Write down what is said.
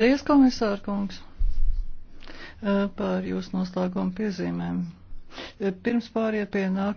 Paldies, komisāra kungs, eh, par jūsu noslēgumu piezīmēm. Eh, pirms pāriet pie nāk.